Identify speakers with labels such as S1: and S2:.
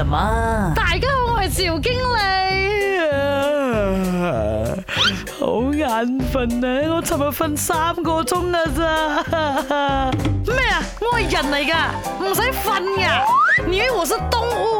S1: 什麼？大家好，我係趙經理 好眼瞓啊，我尋日瞓三個鐘啊咋？咩 啊？我係人嚟噶，唔使瞓噶。你以為我是動物？